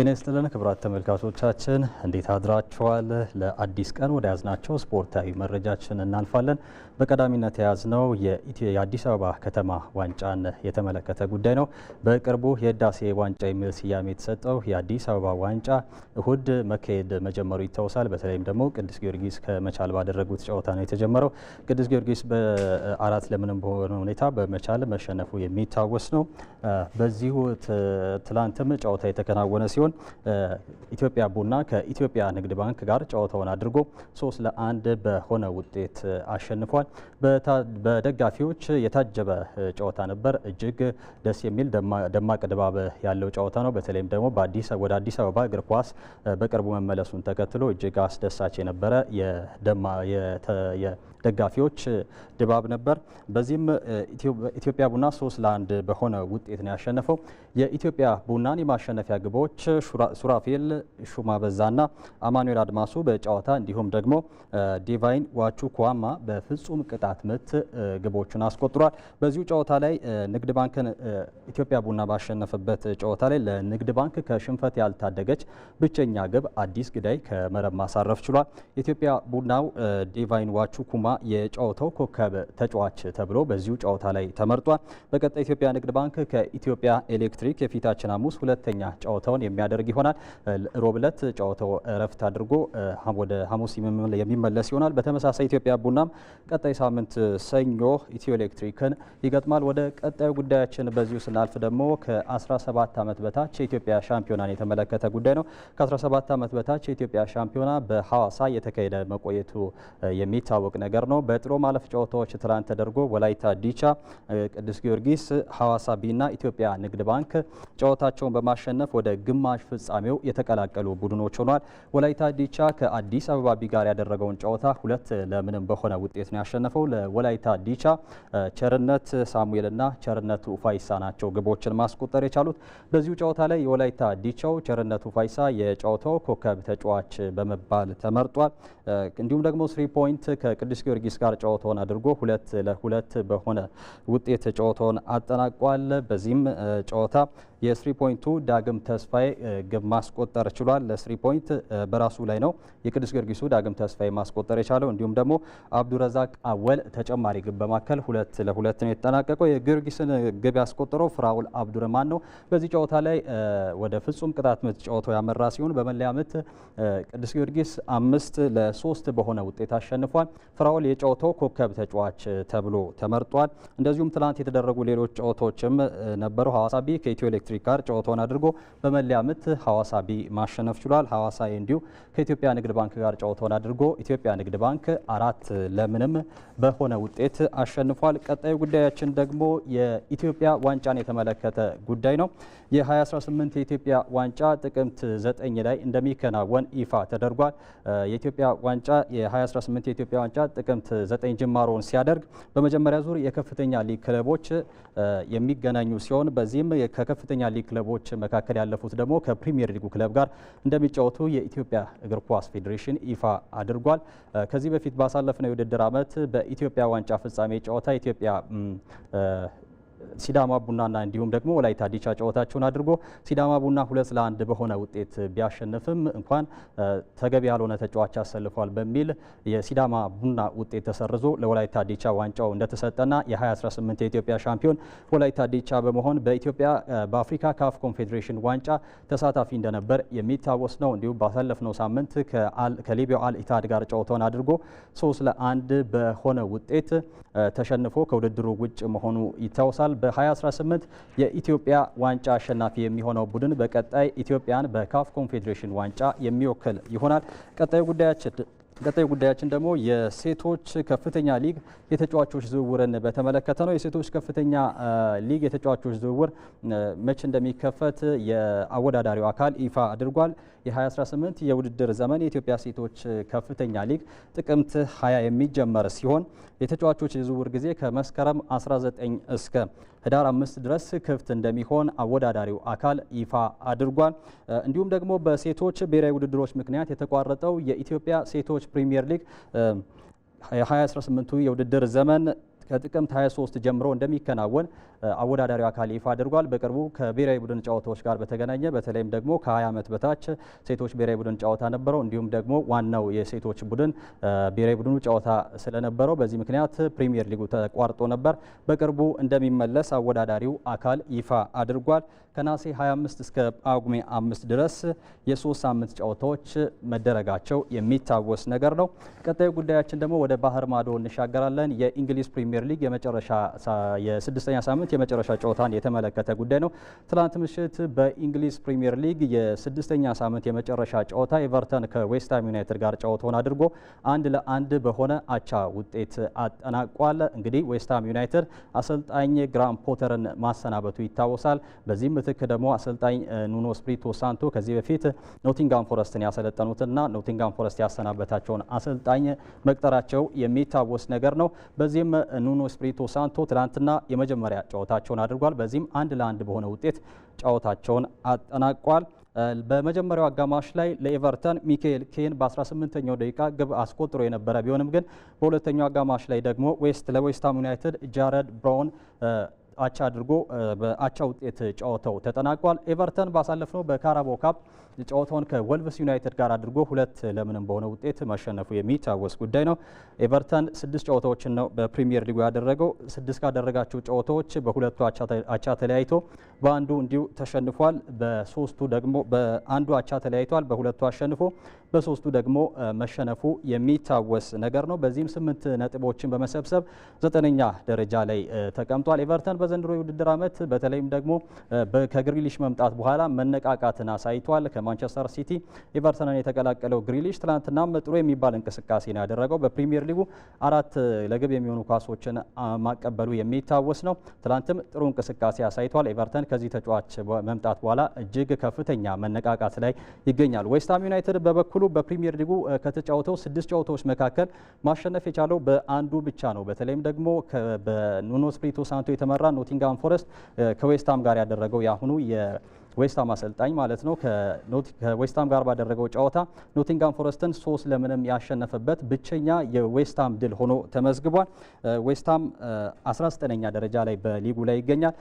ጤና ይስጥልን ክቡራት ተመልካቾቻችን እንዴት አድራችኋል? ለአዲስ ቀን ወደ ያዝናቸው ስፖርታዊ መረጃችን እናልፋለን። በቀዳሚነት የያዝነው የአዲስ አበባ ከተማ ዋንጫን የተመለከተ ጉዳይ ነው። በቅርቡ የህዳሴ ዋንጫ የሚል ስያሜ የተሰጠው የአዲስ አበባ ዋንጫ እሁድ መካሄድ መጀመሩ ይታወሳል። በተለይም ደግሞ ቅዱስ ጊዮርጊስ ከመቻል ባደረጉት ጨዋታ ነው የተጀመረው። ቅዱስ ጊዮርጊስ በአራት ለምንም በሆነ ሁኔታ በመቻል መሸነፉ የሚታወስ ነው። በዚሁ ትላንትም ጨዋታ የተከናወነ ሲሆን ሲሆን ኢትዮጵያ ቡና ከኢትዮጵያ ንግድ ባንክ ጋር ጨዋታውን አድርጎ ሶስት ለአንድ በሆነ ውጤት አሸንፏል። በደጋፊዎች የታጀበ ጨዋታ ነበር። እጅግ ደስ የሚል ደማቅ ድባብ ያለው ጨዋታ ነው። በተለይም ደግሞ ወደ አዲስ አበባ እግር ኳስ በቅርቡ መመለሱን ተከትሎ እጅግ አስደሳች የነበረ ደጋፊዎች ድባብ ነበር። በዚህም ኢትዮጵያ ቡና ሶስት ለአንድ በሆነ ውጤት ነው ያሸነፈው። የኢትዮጵያ ቡናን የማሸነፊያ ግቦች ሱራፌል ሹማበዛና አማኑኤል አድማሱ በጨዋታ እንዲሁም ደግሞ ዲቫይን ዋቹ ኳማ በፍጹም ቅጣት ቅጣት ምት ግቦቹን አስቆጥሯል። በዚሁ ጨዋታ ላይ ንግድ ባንክን ኢትዮጵያ ቡና ባሸነፈበት ጨዋታ ላይ ለንግድ ባንክ ከሽንፈት ያልታደገች ብቸኛ ግብ አዲስ ግዳይ ከመረብ ማሳረፍ ችሏል። ኢትዮጵያ ቡናው ዲቫይን ዋቹ ኩማ የጨዋታው ኮከብ ተጫዋች ተብሎ በዚሁ ጨዋታ ላይ ተመርጧል። በቀጣይ ኢትዮጵያ ንግድ ባንክ ከኢትዮጵያ ኤሌክትሪክ የፊታችን ሐሙስ ሁለተኛ ጨዋታውን የሚያደርግ ይሆናል። ሮብለት ጨዋታው እረፍት አድርጎ ወደ ሐሙስ የሚመለስ ይሆናል። በተመሳሳይ ኢትዮጵያ ቡናም ቀጣይ ሳምንት ሳምንት ሰኞ ኢትዮ ኤሌክትሪክን ይገጥማል። ወደ ቀጣዩ ጉዳያችን በዚሁ ስናልፍ ደግሞ ከ17 ዓመት በታች የኢትዮጵያ ሻምፒዮናን የተመለከተ ጉዳይ ነው። ከ17 ዓመት በታች የኢትዮጵያ ሻምፒዮና በሐዋሳ የተካሄደ መቆየቱ የሚታወቅ ነገር ነው። በጥሎ ማለፍ ጨዋታዎች ትላንት ተደርጎ ወላይታ ዲቻ፣ ቅዱስ ጊዮርጊስ፣ ሐዋሳ ቢና ኢትዮጵያ ንግድ ባንክ ጨዋታቸውን በማሸነፍ ወደ ግማሽ ፍጻሜው የተቀላቀሉ ቡድኖች ሆኗል። ወላይታ ዲቻ ከአዲስ አበባ ቢ ጋር ያደረገውን ጨዋታ ሁለት ለምንም በሆነ ውጤት ነው ያሸነፈው። ለወላይታ ዲቻ ቸርነት ሳሙኤልና ቸርነት ኡፋይሳ ናቸው ግቦችን ማስቆጠር የቻሉት። በዚሁ ጨዋታ ላይ የወላይታ ዲቻው ቸርነት ኡፋይሳ የጨዋታው ኮከብ ተጫዋች በመባል ተመርጧል። እንዲሁም ደግሞ ስሪ ፖይንት ከቅዱስ ጊዮርጊስ ጋር ጨዋታውን አድርጎ ሁለት ለሁለት በሆነ ውጤት ጨዋታውን አጠናቋል። በዚህም ጨዋታ የስሪ ፖይንቱ ዳግም ተስፋዬ ግብ ማስቆጠር ችሏል። ለስሪ ፖይንት በራሱ ላይ ነው የቅዱስ ጊዮርጊሱ ዳግም ተስፋዬ ማስቆጠር የቻለው። እንዲሁም ደግሞ አብዱረዛቅ አወል ተጨማሪ ግብ በማከል ሁለት ለሁለት ነው የተጠናቀቀው። የጊዮርጊስን ግብ ያስቆጠረው ፍራውል አብዱረማን ነው። በዚህ ጨዋታ ላይ ወደ ፍጹም ቅጣት ምት ጨዋታው ያመራ ሲሆን በመለያ ምት ቅዱስ ጊዮርጊስ አምስት ለሶስት በሆነ ውጤት አሸንፏል። ፍራውል የጨዋታው ኮከብ ተጫዋች ተብሎ ተመርጧል። እንደዚሁም ትላንት የተደረጉ ሌሎች ጨዋታዎችም ነበሩ። ሀዋሳ ቢ ከኢትዮ ኤሌክትሪክ ኤሌክትሪክ ጋር ጨዋታውን አድርጎ በመለያ ምት ሐዋሳ ቢ ማሸነፍ ችሏል። ሐዋሳ ኤ እንዲሁ ከኢትዮጵያ ንግድ ባንክ ጋር ጨዋታውን አድርጎ ኢትዮጵያ ንግድ ባንክ አራት ለምንም በሆነ ውጤት አሸንፏል። ቀጣዩ ጉዳያችን ደግሞ የኢትዮጵያ ዋንጫን የተመለከተ ጉዳይ ነው። የ2018 የኢትዮጵያ ዋንጫ ጥቅምት 9 ላይ እንደሚከናወን ይፋ ተደርጓል። የኢትዮጵያ ዋንጫ የ2018 የኢትዮጵያ ዋንጫ ጥቅምት 9 ጅማሮውን ሲያደርግ በመጀመሪያ ዙር የከፍተኛ ሊግ ክለቦች የሚገናኙ ሲሆን በዚህም ከከፍተኛ ሊግ ክለቦች መካከል ያለፉት ደግሞ ከፕሪሚየር ሊጉ ክለብ ጋር እንደሚጫወቱ የኢትዮጵያ እግር ኳስ ፌዴሬሽን ይፋ አድርጓል። ከዚህ በፊት ባሳለፍነው የውድድር ዓመት በኢትዮጵያ ዋንጫ ፍጻሜ ጨዋታ ኢትዮጵያ ሲዳማ ቡናና እንዲሁም ደግሞ ወላይታ ዲቻ ጨዋታቸውን አድርጎ ሲዳማ ቡና ሁለት ለአንድ በሆነ ውጤት ቢያሸንፍም እንኳን ተገቢ ያልሆነ ተጫዋች አሰልፏል በሚል የሲዳማ ቡና ውጤት ተሰርዞ ለወላይታ ዲቻ ዋንጫው እንደተሰጠና የ2018 የኢትዮጵያ ሻምፒዮን ወላይታ ዲቻ በመሆን በኢትዮጵያ በአፍሪካ ካፍ ኮንፌዴሬሽን ዋንጫ ተሳታፊ እንደነበር የሚታወስ ነው። እንዲሁም ባሳለፍነው ሳምንት ከሊቢያው አል ኢታድ ጋር ጨዋታውን አድርጎ ሶስት ለአንድ በሆነ ውጤት ተሸንፎ ከውድድሩ ውጭ መሆኑ ይታወሳል። ይገኛል። በ2018 የኢትዮጵያ ዋንጫ አሸናፊ የሚሆነው ቡድን በቀጣይ ኢትዮጵያን በካፍ ኮንፌዴሬሽን ዋንጫ የሚወክል ይሆናል። ቀጣዩ ጉዳያችን ቀጣዩ ጉዳያችን ደግሞ የሴቶች ከፍተኛ ሊግ የተጫዋቾች ዝውውርን በተመለከተ ነው። የሴቶች ከፍተኛ ሊግ የተጫዋቾች ዝውውር መቼ እንደሚከፈት የአወዳዳሪው አካል ይፋ አድርጓል። የ2018 የውድድር ዘመን የኢትዮጵያ ሴቶች ከፍተኛ ሊግ ጥቅምት 20 የሚጀመር ሲሆን የተጫዋቾች የዝውውር ጊዜ ከመስከረም 19 እስከ ህዳር አምስት ድረስ ክፍት እንደሚሆን አወዳዳሪው አካል ይፋ አድርጓል። እንዲሁም ደግሞ በሴቶች ብሔራዊ ውድድሮች ምክንያት የተቋረጠው የኢትዮጵያ ሴቶች ፕሪሚየር ሊግ የ2018ቱ የውድድር ዘመን ከጥቅምት 23 ጀምሮ እንደሚከናወን አወዳዳሪው አካል ይፋ አድርጓል። በቅርቡ ከብሔራዊ ቡድን ጨዋታዎች ጋር በተገናኘ በተለይም ደግሞ ከ20 ዓመት በታች ሴቶች ብሔራዊ ቡድን ጨዋታ ነበረው፣ እንዲሁም ደግሞ ዋናው የሴቶች ቡድን ብሔራዊ ቡድኑ ጨዋታ ስለነበረው በዚህ ምክንያት ፕሪሚየር ሊጉ ተቋርጦ ነበር። በቅርቡ እንደሚመለስ አወዳዳሪው አካል ይፋ አድርጓል። ከነሐሴ 25 እስከ ጳጉሜ 5 ድረስ የሶስት ሳምንት ጨዋታዎች መደረጋቸው የሚታወስ ነገር ነው። ቀጣዩ ጉዳያችን ደግሞ ወደ ባህር ማዶ እንሻገራለን። የእንግሊዝ ፕሪምየር ሊግ የመጨረሻ የስድስተኛ ሳምንት የመጨረሻ ጨዋታን የተመለከተ ጉዳይ ነው። ትናንት ምሽት በእንግሊዝ ፕሪምየር ሊግ የስድስተኛ ሳምንት የመጨረሻ ጨዋታ ኤቨርተን ከዌስትሃም ዩናይትድ ጋር ጨዋታውን አድርጎ አንድ ለአንድ በሆነ አቻ ውጤት አጠናቋል። እንግዲህ ዌስትሃም ዩናይትድ አሰልጣኝ ግራም ፖተርን ማሰናበቱ ይታወሳል። በዚህም ምትክ ደግሞ አሰልጣኝ ኑኖ ስፕሪቶ ሳንቶ ከዚህ በፊት ኖቲንጋም ፎረስትን ያሰለጠኑትና ኖቲንጋም ፎረስት ያሰናበታቸውን አሰልጣኝ መቅጠራቸው የሚታወስ ነገር ነው። በዚህም ኑኖ ስፕሪቶ ሳንቶ ትላንትና የመጀመሪያ ጨዋታቸውን አድርጓል። በዚህም አንድ ለአንድ በሆነ ውጤት ጨዋታቸውን አጠናቋል። በመጀመሪያው አጋማሽ ላይ ለኤቨርተን ሚካኤል ኬን በ18ኛው ደቂቃ ግብ አስቆጥሮ የነበረ ቢሆንም ግን በሁለተኛው አጋማሽ ላይ ደግሞ ዌስት ለዌስትሃም ዩናይትድ ጃረድ ብራውን አቻ አድርጎ በአቻ ውጤት ጨዋታው ተጠናቋል። ኤቨርተን ባሳለፍነው በካራቦ ካፕ ጨዋታውን ከወልቭስ ዩናይትድ ጋር አድርጎ ሁለት ለምንም በሆነ ውጤት ማሸነፉ የሚታወስ ጉዳይ ነው። ኤቨርተን ስድስት ጨዋታዎችን ነው በፕሪሚየር ሊጉ ያደረገው። ስድስት ካደረጋቸው ጨዋታዎች በሁለቱ አቻ ተለያይቶ በአንዱ እንዲሁ ተሸንፏል። በሶስቱ ደግሞ በአንዱ አቻ ተለያይቷል፣ በሁለቱ አሸንፎ በሶስቱ ደግሞ መሸነፉ የሚታወስ ነገር ነው። በዚህም ስምንት ነጥቦችን በመሰብሰብ ዘጠነኛ ደረጃ ላይ ተቀምጧል ኤቨርተን በዘንድሮ የውድድር ዓመት በተለይም ደግሞ ከግሪሊሽ መምጣት በኋላ መነቃቃትን አሳይቷል። ከማንቸስተር ሲቲ ኤቨርተንን የተቀላቀለው ግሪሊሽ ትናንትና ጥሩ የሚባል እንቅስቃሴ ነው ያደረገው። በፕሪሚየር ሊጉ አራት ለግብ የሚሆኑ ኳሶችን ማቀበሉ የሚታወስ ነው። ትናንትም ጥሩ እንቅስቃሴ አሳይቷል። ኤቨርተን ከዚህ ተጫዋች መምጣት በኋላ እጅግ ከፍተኛ መነቃቃት ላይ ይገኛል። ዌስትሃም ዩናይትድ በበኩሉ በፕሪሚየር ሊጉ ከተጫወተው ስድስት ጨዋታዎች መካከል ማሸነፍ የቻለው በአንዱ ብቻ ነው። በተለይም ደግሞ በኑኖ ስፕሪቶ ሳንቶ የተመራ ኖቲንጋም ፎረስት ከዌስትሃም ጋር ያደረገው የአሁኑ ዌስትሃም አሰልጣኝ ማለት ነው ከዌስትሃም ጋር ባደረገው ጨዋታ ኖቲንጋም ፎረስትን ሶስት ለምንም ያሸነፈበት ብቸኛ የዌስትሃም ድል ሆኖ ተመዝግቧል። ዌስትሃም 19ኛ ደረጃ ላይ በሊጉ ላይ ይገኛል።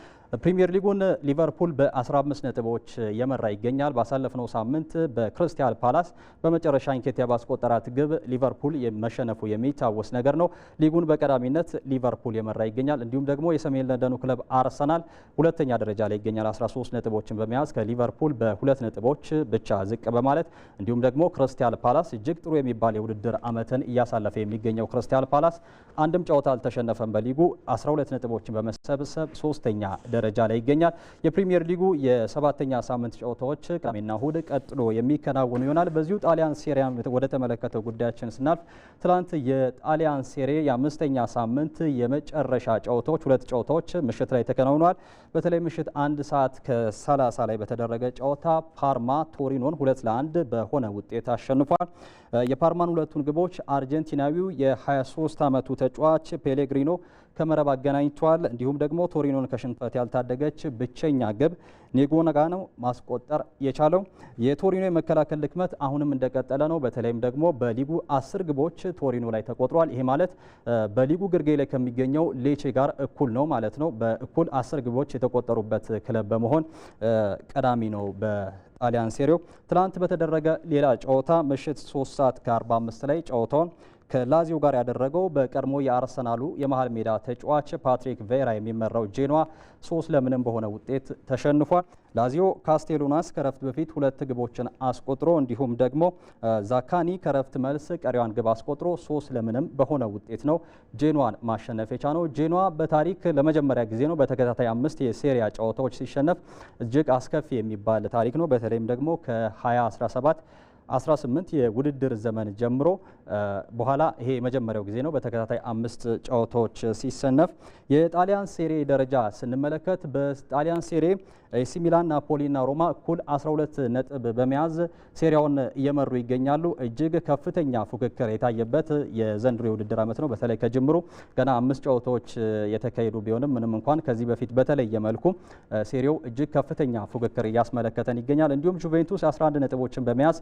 ፕሪሚየር ሊጉን ሊቨርፑል በ15 ነጥቦች የመራ ይገኛል። ባሳለፍነው ሳምንት በክሪስታል ፓላስ በመጨረሻ አንኬቲያ ባስቆጠራት ግብ ሊቨርፑል መሸነፉ የሚታወስ ነገር ነው። ሊጉን በቀዳሚነት ሊቨርፑል የመራ ይገኛል። እንዲሁም ደግሞ የሰሜን ለንደኑ ክለብ አርሰናል ሁለተኛ ደረጃ ላይ ይገኛል 13 ነጥቦችን በሚያ መያዝ ከሊቨርፑል በሁለት ነጥቦች ብቻ ዝቅ በማለት እንዲሁም ደግሞ ክሪስታል ፓላስ እጅግ ጥሩ የሚባል የውድድር ዓመትን እያሳለፈ የሚገኘው ክርስቲያል ፓላስ አንድም ጨዋታ አልተሸነፈም በሊጉ 12 ነጥቦችን በመሰብሰብ ሶስተኛ ደረጃ ላይ ይገኛል። የፕሪሚየር ሊጉ የሰባተኛ ሳምንት ጨዋታዎች ቅዳሜና እሁድ ቀጥሎ የሚከናወኑ ይሆናል። በዚሁ ጣሊያን ሴሪያን ወደ ተመለከተው ጉዳያችን ስናልፍ ትናንት የጣሊያን ሴሬ የአምስተኛ ሳምንት የመጨረሻ ጨዋታዎች ሁለት ጨዋታዎች ምሽት ላይ ተከናውነዋል። በተለይ ምሽት አንድ ሰዓት ከ30 ላይ በተደረገ ጨዋታ ፓርማ ቶሪኖን ሁለት ለአንድ በሆነ ውጤት አሸንፏል። የፓርማን ሁለቱን ግቦች አርጀንቲናዊው የ23 ዓመቱ ተጫዋች ፔሌግሪኖ ከመረብ አገናኝቷል። እንዲሁም ደግሞ ቶሪኖን ከሽንፈት ያልታደገች ብቸኛ ግብ ኔጎነጋ ነው ማስቆጠር የቻለው። የቶሪኖ የመከላከል ድክመት አሁንም እንደቀጠለ ነው። በተለይም ደግሞ በሊጉ አስር ግቦች ቶሪኖ ላይ ተቆጥሯል። ይሄ ማለት በሊጉ ግርጌ ላይ ከሚገኘው ሌቼ ጋር እኩል ነው ማለት ነው። በእኩል አስር ግቦች የተቆጠሩበት ክለብ በመሆን ቀዳሚ ነው በጣሊያን ሴሪዮ ትናንት በተደረገ ሌላ ጨዋታ ምሽት 3 ሰዓት ከ45 ላይ ጨዋታውን ከላዚዮ ጋር ያደረገው በቀድሞ የአርሰናሉ የመሀል ሜዳ ተጫዋች ፓትሪክ ቬራ የሚመራው ጄኗ ሶስት ለምንም በሆነ ውጤት ተሸንፏል። ላዚዮ ካስቴሉናስ ከረፍት በፊት ሁለት ግቦችን አስቆጥሮ እንዲሁም ደግሞ ዛካኒ ከረፍት መልስ ቀሪዋን ግብ አስቆጥሮ ሶስት ለምንም በሆነ ውጤት ነው ጄኗን ማሸነፍ ነው ጄኗ በታሪክ ለመጀመሪያ ጊዜ ነው በተከታታይ አምስት የሴሪያ ጨዋታዎች ሲሸነፍ እጅግ አስከፊ የሚባል ታሪክ ነው። በተለይም ደግሞ ከ2017 18 የውድድር ዘመን ጀምሮ በኋላ ይሄ የመጀመሪያው ጊዜ ነው በተከታታይ አምስት ጨዋታዎች ሲሰነፍ። የጣሊያን ሴሬ ደረጃ ስንመለከት በጣሊያን ሴሬ ኤሲ ሚላን፣ ናፖሊና ሮማ እኩል 12 ነጥብ በመያዝ ሴሪያውን እየመሩ ይገኛሉ። እጅግ ከፍተኛ ፉክክር የታየበት የዘንድሮ የውድድር ዓመት ነው። በተለይ ከጅምሩ ገና አምስት ጨዋታዎች የተካሄዱ ቢሆንም ምንም እንኳን ከዚህ በፊት በተለየ መልኩ ሴሪው እጅግ ከፍተኛ ፉክክር እያስመለከተን ይገኛል። እንዲሁም ጁቬንቱስ 11 ነጥቦችን በመያዝ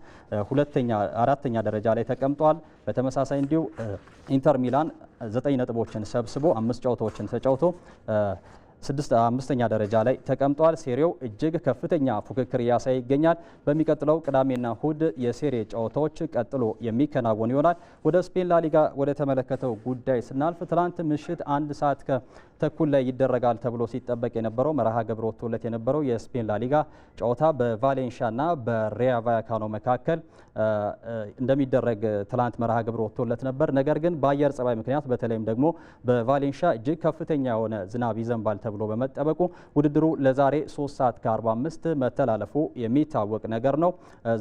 ሁለተኛ አራተኛ ደረጃ ላይ ተቀምጧል። በተመሳሳይ እንዲሁ ኢንተር ሚላን ዘጠኝ ነጥቦችን ሰብስቦ አምስት ጨዋታዎችን ተጫውቶ አምስተኛ ደረጃ ላይ ተቀምጧል። ሴሪው እጅግ ከፍተኛ ፉክክር እያሳየ ይገኛል። በሚቀጥለው ቅዳሜና እሁድ የሴሬ ጨዋታዎች ቀጥሎ የሚከናወን ይሆናል። ወደ ስፔን ላሊጋ ወደ ተመለከተው ጉዳይ ስናልፍ ትላንት ምሽት አንድ ሰዓት ከተኩል ላይ ይደረጋል ተብሎ ሲጠበቅ የነበረው መርሃ ግብር ወጥቶለት የነበረው የስፔን ላሊጋ ጨዋታ በቫሌንሻና በሪያ ቫያካኖ መካከል እንደሚደረግ ትላንት መርሃ ግብር ወጥቶለት ነበር። ነገር ግን በአየር ጸባይ ምክንያት በተለይም ደግሞ በቫሌንሻ እጅግ ከፍተኛ የሆነ ዝናብ ይዘንባል ተብሎ በመጠበቁ ውድድሩ ለዛሬ 3 ሰዓት ከ45 መተላለፉ የሚታወቅ ነገር ነው።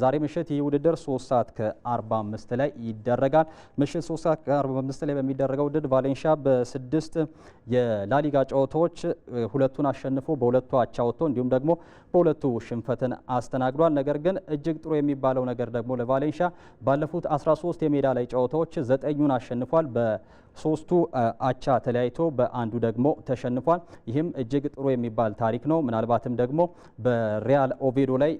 ዛሬ ምሽት ይህ ውድድር 3 ሰዓት ከ45 ላይ ይደረጋል። ምሽት 3 ሰዓት ከ45 ላይ በሚደረገው ውድድር ቫሌንሺያ በስድስት የላሊጋ ጨዋታዎች ሁለቱን አሸንፎ በሁለቱ አቻ ወጥቶ እንዲሁም ደግሞ በሁለቱ ሽንፈትን አስተናግዷል። ነገር ግን እጅግ ጥሩ የሚባለው ነገር ደግሞ ለቫሌንሻ ባለፉት 13 የሜዳ ላይ ጨዋታዎች ዘጠኙን አሸንፏል። ሶስቱ አቻ ተለያይቶ በአንዱ ደግሞ ተሸንፏል። ይህም እጅግ ጥሩ የሚባል ታሪክ ነው። ምናልባትም ደግሞ በሪያል ኦቬዶ ላይ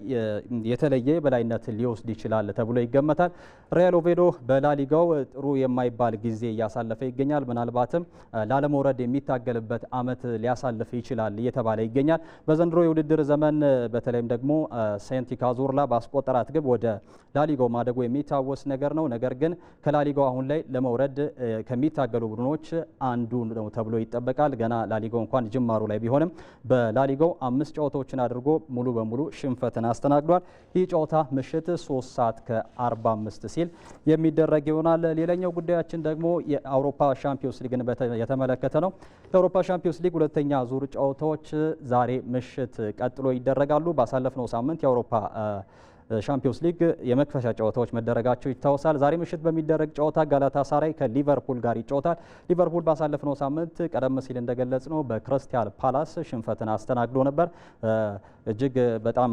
የተለየ በላይነት ሊወስድ ይችላል ተብሎ ይገመታል። ሪያል ኦቬዶ በላሊጋው ጥሩ የማይባል ጊዜ እያሳለፈ ይገኛል። ምናልባትም ላለመውረድ የሚታገልበት አመት ሊያሳልፍ ይችላል እየተባለ ይገኛል። በዘንድሮ የውድድር ዘመን በተለይም ደግሞ ሴንቲ ካዞርላ በአስቆጠራት ግብ ወደ ላሊጋው ማደጉ የሚታወስ ነገር ነው። ነገር ግን ከላሊጋው አሁን ላይ ለመውረድ ከሚታ ከሚታገሉ ቡድኖች አንዱ ነው ተብሎ ይጠበቃል። ገና ላሊጋው እንኳን ጅማሩ ላይ ቢሆንም በላሊጋው አምስት ጨዋታዎችን አድርጎ ሙሉ በሙሉ ሽንፈትን አስተናግዷል። ይህ ጨዋታ ምሽት ሶስት ሰዓት ከ45 ሲል የሚደረግ ይሆናል። ሌላኛው ጉዳያችን ደግሞ የአውሮፓ ሻምፒዮንስ ሊግን የተመለከተ ነው። የአውሮፓ ሻምፒዮንስ ሊግ ሁለተኛ ዙር ጨዋታዎች ዛሬ ምሽት ቀጥሎ ይደረጋሉ። ባሳለፍነው ሳምንት የአውሮፓ ሻምፒዮንስ ሊግ የመክፈሻ ጨዋታዎች መደረጋቸው ይታወሳል። ዛሬ ምሽት በሚደረግ ጨዋታ ጋላታ ሳራይ ከሊቨርፑል ጋር ይጫወታል። ሊቨርፑል ባሳለፍነው ሳምንት ቀደም ሲል እንደገለጽ ነው በክሪስታል ፓላስ ሽንፈትን አስተናግዶ ነበር። እጅግ በጣም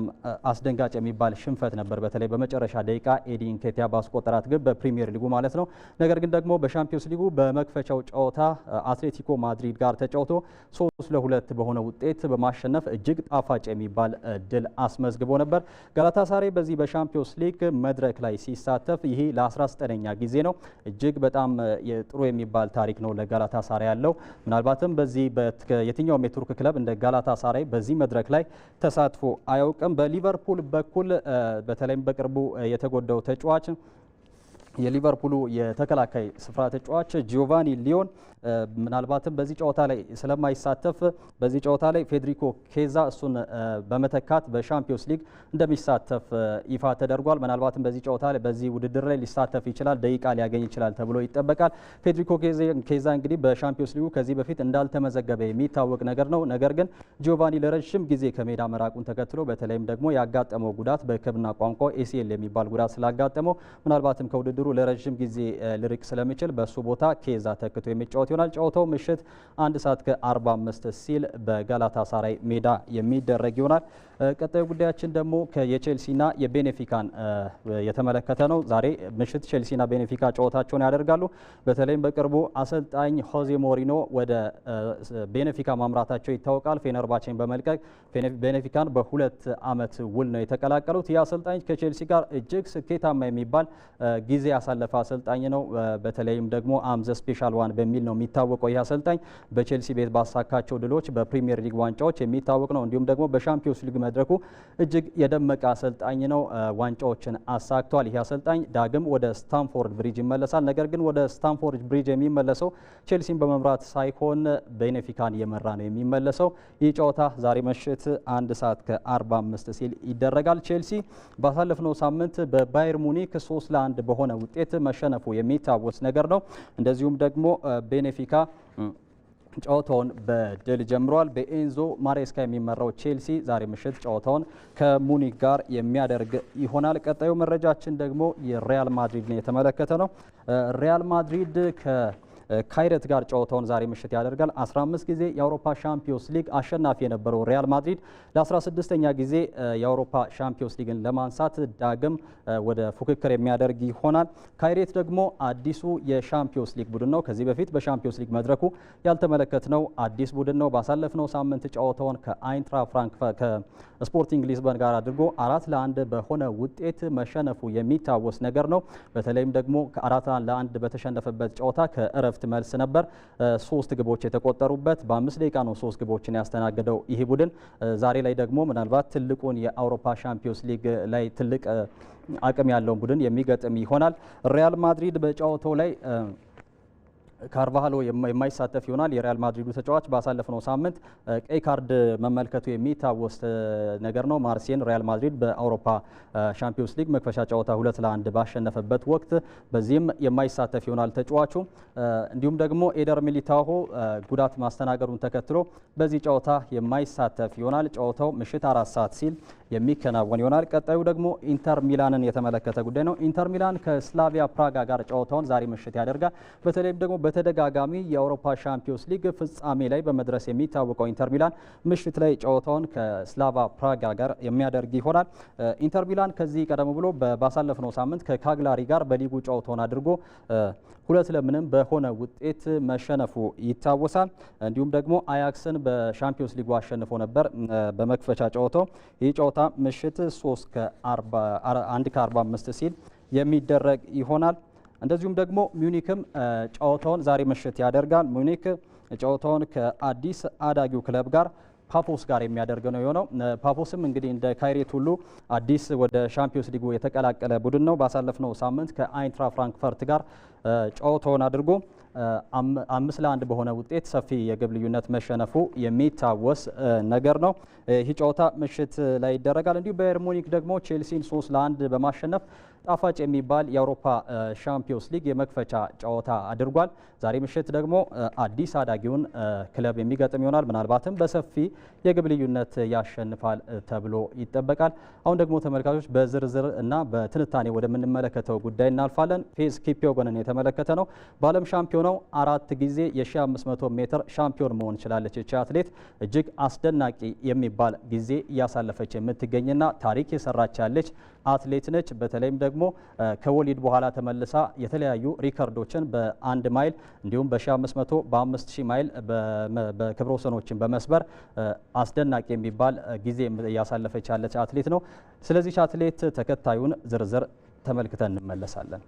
አስደንጋጭ የሚባል ሽንፈት ነበር። በተለይ በመጨረሻ ደቂቃ ኤዲ ንኬቲያ ባስቆጠራት ግብ በፕሪሚየር ሊጉ ማለት ነው። ነገር ግን ደግሞ በሻምፒዮንስ ሊጉ በመክፈቻው ጨዋታ አትሌቲኮ ማድሪድ ጋር ተጫውቶ ሶስት ለሁለት በሆነ ውጤት በማሸነፍ እጅግ ጣፋጭ የሚባል ድል አስመዝግቦ ነበር። ጋላታሳሬ በዚህ በሻምፒዮንስ ሊግ መድረክ ላይ ሲሳተፍ ይሄ ለ19ኛ ጊዜ ነው። እጅግ በጣም ጥሩ የሚባል ታሪክ ነው ለጋላታሳሬ ያለው ምናልባትም በዚህ የትኛውም የቱርክ ክለብ እንደ ጋላታሳሬ በዚህ መድረክ ላይ ተሳ ተሳትፎ አያውቅም። በሊቨርፑል በኩል በተለይም በቅርቡ የተጎዳው ተጫዋች የሊቨርፑሉ የተከላካይ ስፍራ ተጫዋች ጂዮቫኒ ሊዮን ምናልባትም በዚህ ጨዋታ ላይ ስለማይሳተፍ በዚህ ጨዋታ ላይ ፌዴሪኮ ኬዛ እሱን በመተካት በሻምፒዮንስ ሊግ እንደሚሳተፍ ይፋ ተደርጓል። ምናልባትም በዚህ ጨዋታ ላይ በዚህ ውድድር ላይ ሊሳተፍ ይችላል፣ ደቂቃ ሊያገኝ ይችላል ተብሎ ይጠበቃል። ፌዴሪኮ ኬዛ እንግዲህ በሻምፒዮንስ ሊጉ ከዚህ በፊት እንዳልተመዘገበ የሚታወቅ ነገር ነው። ነገር ግን ጂዮቫኒ ለረዥም ጊዜ ከሜዳ መራቁን ተከትሎ በተለይም ደግሞ ያጋጠመው ጉዳት በሕክምና ቋንቋ ኤሲኤል የሚባል ጉዳት ስላጋጠመው ምናልባትም ከውድድሩ ከውድድሩ ለረዥም ጊዜ ልርቅ ስለሚችል በሱ ቦታ ኬዛ ተክቶ የሚጫወት ይሆናል። ጨዋታው ምሽት አንድ ሰዓት ከ45 ሲል በጋላታ ሳራይ ሜዳ የሚደረግ ይሆናል። ቀጣዩ ጉዳያችን ደግሞ የቼልሲና የቤኔፊካን የተመለከተ ነው። ዛሬ ምሽት ቼልሲና ቤኔፊካ ጨዋታቸውን ያደርጋሉ። በተለይም በቅርቡ አሰልጣኝ ሆዜ ሞሪኖ ወደ ቤኔፊካ ማምራታቸው ይታወቃል። ፌነርባቼን በመልቀቅ ቤኔፊካን በሁለት ዓመት ውል ነው የተቀላቀሉት። ይህ አሰልጣኝ ከቼልሲ ጋር እጅግ ስኬታማ የሚባል ጊዜ ያሳለፈ አሰልጣኝ ነው። በተለይም ደግሞ አምዘ ስፔሻል ዋን በሚል ነው የሚታወቀው። ይህ አሰልጣኝ በቼልሲ ቤት ባሳካቸው ድሎች በፕሪሚየር ሊግ ዋንጫዎች የሚታወቅ ነው። እንዲሁም ደግሞ በሻምፒዮንስ ሊግ መድረኩ እጅግ የደመቀ አሰልጣኝ ነው። ዋንጫዎችን አሳክቷል። ይህ አሰልጣኝ ዳግም ወደ ስታንፎርድ ብሪጅ ይመለሳል። ነገር ግን ወደ ስታንፎርድ ብሪጅ የሚመለሰው ቼልሲን በመምራት ሳይሆን ቤኔፊካን እየመራ ነው የሚመለሰው። ይህ ጨዋታ ዛሬ ምሽት አንድ ሰዓት ከ45 ሲል ይደረጋል። ቼልሲ ባሳለፍነው ሳምንት በባየር ሙኒክ ለ1 በሆነ ውጤት መሸነፉ የሚታወስ ነገር ነው። እንደዚሁም ደግሞ ቤኔፊካ ጨዋታውን በድል ጀምሯል። በኤንዞ ማሬስካ የሚመራው ቼልሲ ዛሬ ምሽት ጨዋታውን ከሙኒክ ጋር የሚያደርግ ይሆናል። ቀጣዩ መረጃችን ደግሞ የሪያል ማድሪድን የተመለከተ ነው። ሪያል ማድሪድ ከ ካይረት ጋር ጨዋታውን ዛሬ ምሽት ያደርጋል። 15 ጊዜ የአውሮፓ ሻምፒዮንስ ሊግ አሸናፊ የነበረው ሪያል ማድሪድ ለ16ኛ ጊዜ የአውሮፓ ሻምፒዮንስ ሊግን ለማንሳት ዳግም ወደ ፉክክር የሚያደርግ ይሆናል። ካይሬት ደግሞ አዲሱ የሻምፒዮንስ ሊግ ቡድን ነው። ከዚህ በፊት በሻምፒዮንስ ሊግ መድረኩ ያልተመለከትነው አዲስ ቡድን ነው። ባሳለፍነው ሳምንት ጨዋታውን ከአይንትራ ፍራንክፈርት ከስፖርቲንግ ሊዝበን ጋር አድርጎ አራት ለአንድ በሆነ ውጤት መሸነፉ የሚታወስ ነገር ነው። በተለይም ደግሞ ከአራት ለአንድ በተሸነፈበት ጨዋታ ከእረፍ የእረፍት መልስ ነበር። ሶስት ግቦች የተቆጠሩበት በአምስት ደቂቃ ነው ሶስት ግቦችን ያስተናገደው ይህ ቡድን ዛሬ ላይ ደግሞ ምናልባት ትልቁን የአውሮፓ ሻምፒዮንስ ሊግ ላይ ትልቅ አቅም ያለውን ቡድን የሚገጥም ይሆናል። ሪያል ማድሪድ በጨዋታው ላይ ካርቫሃሎ የማይሳተፍ ይሆናል። የሪያል ማድሪዱ ተጫዋች ባሳለፍነው ሳምንት ቀይ ካርድ መመልከቱ የሚታወስ ነገር ነው። ማርሴን ሪያል ማድሪድ በአውሮፓ ሻምፒዮንስ ሊግ መክፈሻ ጨዋታ ሁለት ለአንድ ባሸነፈበት ወቅት በዚህም የማይሳተፍ ይሆናል ተጫዋቹ። እንዲሁም ደግሞ ኤደር ሚሊታሆ ጉዳት ማስተናገዱን ተከትሎ በዚህ ጨዋታ የማይሳተፍ ይሆናል። ጨዋታው ምሽት አራት ሰዓት ሲል የሚከናወን ይሆናል። ቀጣዩ ደግሞ ኢንተር ሚላንን የተመለከተ ጉዳይ ነው። ኢንተር ሚላን ከስላቪያ ፕራጋ ጋር ጨዋታውን ዛሬ ምሽት ያደርጋል። በተለይም ደግሞ በተደጋጋሚ የአውሮፓ ሻምፒዮንስ ሊግ ፍጻሜ ላይ በመድረስ የሚታወቀው ኢንተር ሚላን ምሽት ላይ ጨዋታውን ከስላቫ ፕራጋ ጋር የሚያደርግ ይሆናል። ኢንተር ሚላን ከዚህ ቀደም ብሎ ባሳለፍነው ሳምንት ከካግላሪ ጋር በሊጉ ጨዋታውን አድርጎ ሁለት ለምንም በሆነ ውጤት መሸነፉ ይታወሳል። እንዲሁም ደግሞ አያክስን በሻምፒዮንስ ሊጉ አሸንፎ ነበር በመክፈቻ ጨዋታው። ይህ ጨዋታ ምሽት 3 ከ1 ከ45 ሲል የሚደረግ ይሆናል። እንደዚሁም ደግሞ ሚኒክም ጨዋታውን ዛሬ ምሽት ያደርጋል። ሚኒክ ጨዋታውን ከአዲስ አዳጊው ክለብ ጋር ፓፎስ ጋር የሚያደርግ ነው የሆነው። ፓፎስም እንግዲህ እንደ ካይሬት ሁሉ አዲስ ወደ ሻምፒዮንስ ሊጉ የተቀላቀለ ቡድን ነው። ባሳለፍነው ሳምንት ከአይንትራ ፍራንክፈርት ጋር ጨዋታውን አድርጎ አምስት ለአንድ በሆነ ውጤት ሰፊ የግብ ልዩነት መሸነፉ የሚታወስ ነገር ነው። ይህ ጨዋታ ምሽት ላይ ይደረጋል። እንዲሁም ባየር ሙኒክ ደግሞ ቼልሲን ሶስት ለአንድ በማሸነፍ ጣፋጭ የሚባል የአውሮፓ ሻምፒዮንስ ሊግ የመክፈቻ ጨዋታ አድርጓል። ዛሬ ምሽት ደግሞ አዲስ አዳጊውን ክለብ የሚገጥም ይሆናል። ምናልባትም በሰፊ የግብ ልዩነት ያሸንፋል ተብሎ ይጠበቃል። አሁን ደግሞ ተመልካቾች በዝርዝር እና በትንታኔ ወደምንመለከተው ጉዳይ እናልፋለን። ፌዝ ኪፒዮጎንን የተመለከተ ነው። በዓለም ሻምፒዮናው አራት ጊዜ የ1500 ሜትር ሻምፒዮን መሆን ችላለች። ይቺ አትሌት እጅግ አስደናቂ የሚባል ጊዜ እያሳለፈች የምትገኝና ታሪክ የሰራች ያለች አትሌት ነች። በተለይም ደግሞ ደግሞ ከወሊድ በኋላ ተመልሳ የተለያዩ ሪከርዶችን በአንድ ማይል እንዲሁም በ1500 በ5000 ማይል በክብረ ወሰኖችን በመስበር አስደናቂ የሚባል ጊዜ እያሳለፈች ያለች አትሌት ነው። ስለዚህ አትሌት ተከታዩን ዝርዝር ተመልክተን እንመለሳለን።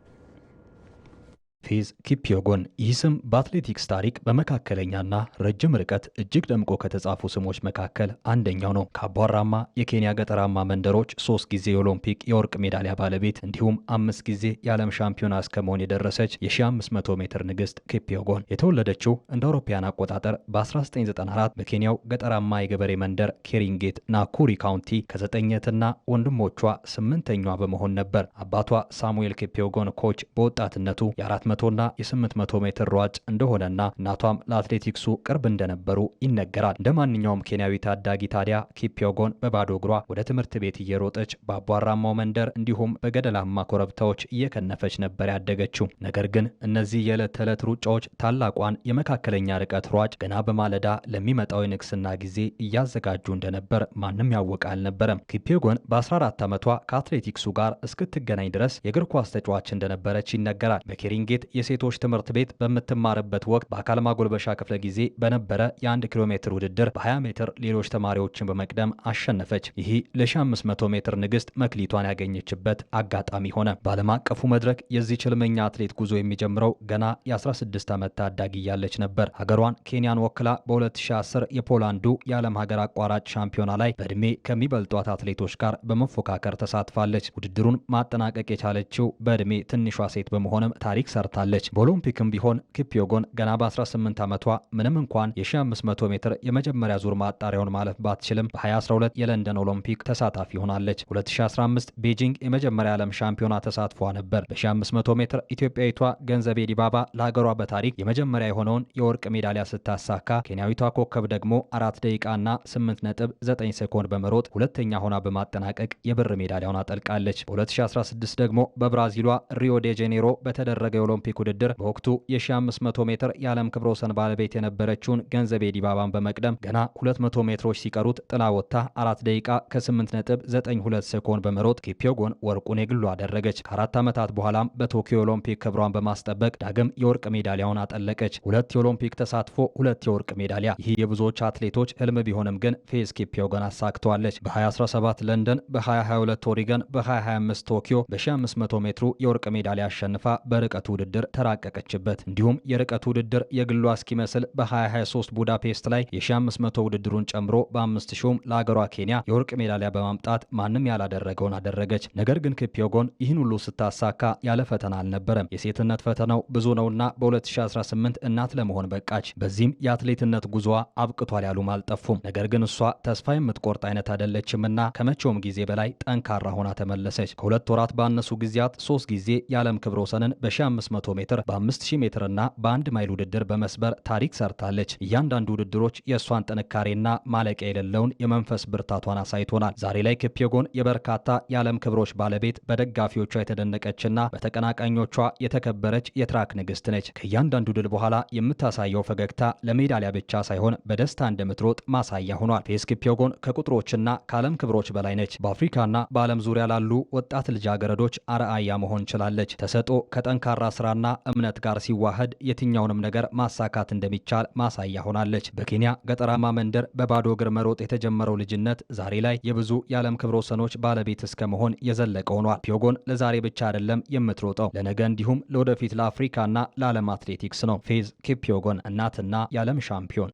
ፌዝ ኪፒዮጎን ይህ ስም በአትሌቲክስ ታሪክ በመካከለኛና ረጅም ርቀት እጅግ ደምቆ ከተጻፉ ስሞች መካከል አንደኛው ነው። ከአቧራማ የኬንያ ገጠራማ መንደሮች ሶስት ጊዜ የኦሎምፒክ የወርቅ ሜዳሊያ ባለቤት እንዲሁም አምስት ጊዜ የዓለም ሻምፒዮና እስከ መሆን የደረሰች የ1500 ሜትር ንግሥት ኪፒዮጎን የተወለደችው እንደ አውሮፓውያን አቆጣጠር በ1994 በኬንያው ገጠራማ የገበሬ መንደር ኬሪንጌት ናኩሪ ካውንቲ ከዘጠኘትና ወንድሞቿ ስምንተኛዋ በመሆን ነበር። አባቷ ሳሙኤል ኪፒዮጎን ኮች በወጣትነቱ የአራት የ400ና የ800 ሜትር ሯጭ እንደሆነና እናቷም ለአትሌቲክሱ ቅርብ እንደነበሩ ይነገራል። እንደ ማንኛውም ኬንያዊ ታዳጊ ታዲያ ኪፕዮጎን በባዶ እግሯ ወደ ትምህርት ቤት እየሮጠች በአቧራማው መንደር እንዲሁም በገደላማ ኮረብታዎች እየከነፈች ነበር ያደገችው። ነገር ግን እነዚህ የዕለት ተዕለት ሩጫዎች ታላቋን የመካከለኛ ርቀት ሯጭ ገና በማለዳ ለሚመጣው የንግስና ጊዜ እያዘጋጁ እንደነበር ማንም ያወቀ አልነበረም። ኪፕዮጎን በ14 ዓመቷ ከአትሌቲክሱ ጋር እስክትገናኝ ድረስ የእግር ኳስ ተጫዋች እንደነበረች ይነገራል። በኬሪንጌ ቤት የሴቶች ትምህርት ቤት በምትማርበት ወቅት በአካል ማጎልበሻ ክፍለ ጊዜ በነበረ የአንድ ኪሎ ሜትር ውድድር በ20 ሜትር ሌሎች ተማሪዎችን በመቅደም አሸነፈች። ይህ ለ1500 ሜትር ንግሥት መክሊቷን ያገኘችበት አጋጣሚ ሆነ። በዓለም አቀፉ መድረክ የዚህ ችልመኛ አትሌት ጉዞ የሚጀምረው ገና የ16 ዓመት ታዳጊ እያለች ነበር። ሀገሯን ኬንያን ወክላ በ2010 የፖላንዱ የዓለም ሀገር አቋራጭ ሻምፒዮና ላይ በዕድሜ ከሚበልጧት አትሌቶች ጋር በመፎካከር ተሳትፋለች። ውድድሩን ማጠናቀቅ የቻለችው በዕድሜ ትንሿ ሴት በመሆንም ታሪክ ሰርታለች። ሰርታለች። በኦሎምፒክም ቢሆን ኪፕዮጎን ገና በ18 ዓመቷ ምንም እንኳን የ1500 ሜትር የመጀመሪያ ዙር ማጣሪያውን ማለፍ ባትችልም በ2012 የለንደን ኦሎምፒክ ተሳታፊ ሆናለች። 2015 ቤጂንግ የመጀመሪያ ዓለም ሻምፒዮና ተሳትፏ ነበር። በ1500 ሜትር ኢትዮጵያዊቷ ገንዘቤ ዲባባ ለሀገሯ በታሪክ የመጀመሪያ የሆነውን የወርቅ ሜዳሊያ ስታሳካ፣ ኬንያዊቷ ኮከብ ደግሞ አራት ደቂቃና 8 ነጥብ 9 ሴኮንድ በመሮጥ ሁለተኛ ሆና በማጠናቀቅ የብር ሜዳሊያውን አጠልቃለች። በ2016 ደግሞ በብራዚሏ ሪዮ ዴ ጄኔሮ በተደረገ የኦሎምፒክ ውድድር በወቅቱ የ1500 ሜትር የዓለም ክብረ ወሰን ባለቤት የነበረችውን ገንዘቤ ዲባባን በመቅደም ገና 200 ሜትሮች ሲቀሩት ጥላ ወጥታ 4 ደቂቃ ከ8.92 ሴኮንድ በመሮጥ ኪፒዮጎን ወርቁን የግሏ አደረገች። ከአራት ዓመታት በኋላም በቶኪዮ ኦሎምፒክ ክብሯን በማስጠበቅ ዳግም የወርቅ ሜዳሊያውን አጠለቀች። ሁለት የኦሎምፒክ ተሳትፎ፣ ሁለት የወርቅ ሜዳሊያ። ይህ የብዙዎች አትሌቶች ህልም ቢሆንም ግን ፌዝ ኪፒዮጎን አሳክተዋለች። በ2017 ለንደን፣ በ2022 ኦሪገን፣ በ2025 ቶኪዮ በ1500 ሜትሩ የወርቅ ሜዳሊያ አሸንፋ በርቀቱ ውድድር ውድድር ተራቀቀችበት። እንዲሁም የርቀት ውድድር የግሏ እስኪመስል በ2023 ቡዳፔስት ላይ የ1500 ውድድሩን ጨምሮ በአምስት ሺውም ለአገሯ ኬንያ የወርቅ ሜዳሊያ በማምጣት ማንም ያላደረገውን አደረገች። ነገር ግን ኪፕዮጎን ይህን ሁሉ ስታሳካ ያለ ፈተና አልነበረም። የሴትነት ፈተናው ብዙ ነውና በ2018 እናት ለመሆን በቃች። በዚህም የአትሌትነት ጉዞዋ አብቅቷል ያሉም አልጠፉም። ነገር ግን እሷ ተስፋ የምትቆርጥ አይነት አይደለችምና ከመቼውም ጊዜ በላይ ጠንካራ ሆና ተመለሰች። ከሁለት ወራት ባነሱ ጊዜያት ሶስት ጊዜ የዓለም ክብረ ወሰንን በ1500 በ ሜትር በ5000 ሜትር እና በአንድ ማይል ውድድር በመስበር ታሪክ ሰርታለች። እያንዳንዱ ውድድሮች የእሷን ጥንካሬና ማለቂያ የሌለውን የመንፈስ ብርታቷን አሳይቶናል። ዛሬ ላይ ኪፕየጎን የበርካታ የዓለም ክብሮች ባለቤት፣ በደጋፊዎቿ የተደነቀችና በተቀናቃኞቿ የተከበረች የትራክ ንግስት ነች። ከእያንዳንዱ ድል በኋላ የምታሳየው ፈገግታ ለሜዳሊያ ብቻ ሳይሆን በደስታ እንደምትሮጥ ማሳያ ሆኗል። ፌዝ ኪፕዮጎን ከቁጥሮችና ከዓለም ክብሮች በላይ ነች። በአፍሪካና በዓለም ዙሪያ ላሉ ወጣት ልጃገረዶች አርአያ መሆን ችላለች። ተሰጦ ከጠንካራ ስራ ስራና እምነት ጋር ሲዋህድ የትኛውንም ነገር ማሳካት እንደሚቻል ማሳያ ሆናለች። በኬንያ ገጠራማ መንደር በባዶ እግር መሮጥ የተጀመረው ልጅነት ዛሬ ላይ የብዙ የዓለም ክብረ ወሰኖች ባለቤት እስከ መሆን የዘለቀ ሆኗል። ፒዮጎን ለዛሬ ብቻ አይደለም የምትሮጠው ለነገ እንዲሁም ለወደፊት ለአፍሪካና ለዓለም አትሌቲክስ ነው። ፌዝ ኪፕዮጎን እናትና የዓለም ሻምፒዮን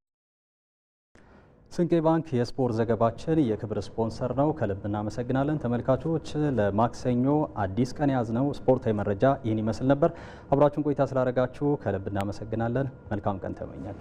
ስንቄ ባንክ የስፖርት ዘገባችን የክብር ስፖንሰር ነው። ከልብ እናመሰግናለን። ተመልካቾች ለማክሰኞ አዲስ ቀን የያዝነው ስፖርታዊ መረጃ ይህን ይመስል ነበር። አብራችሁን ቆይታ ስላደረጋችሁ ከልብ እናመሰግናለን። መልካም ቀን ተመኛል።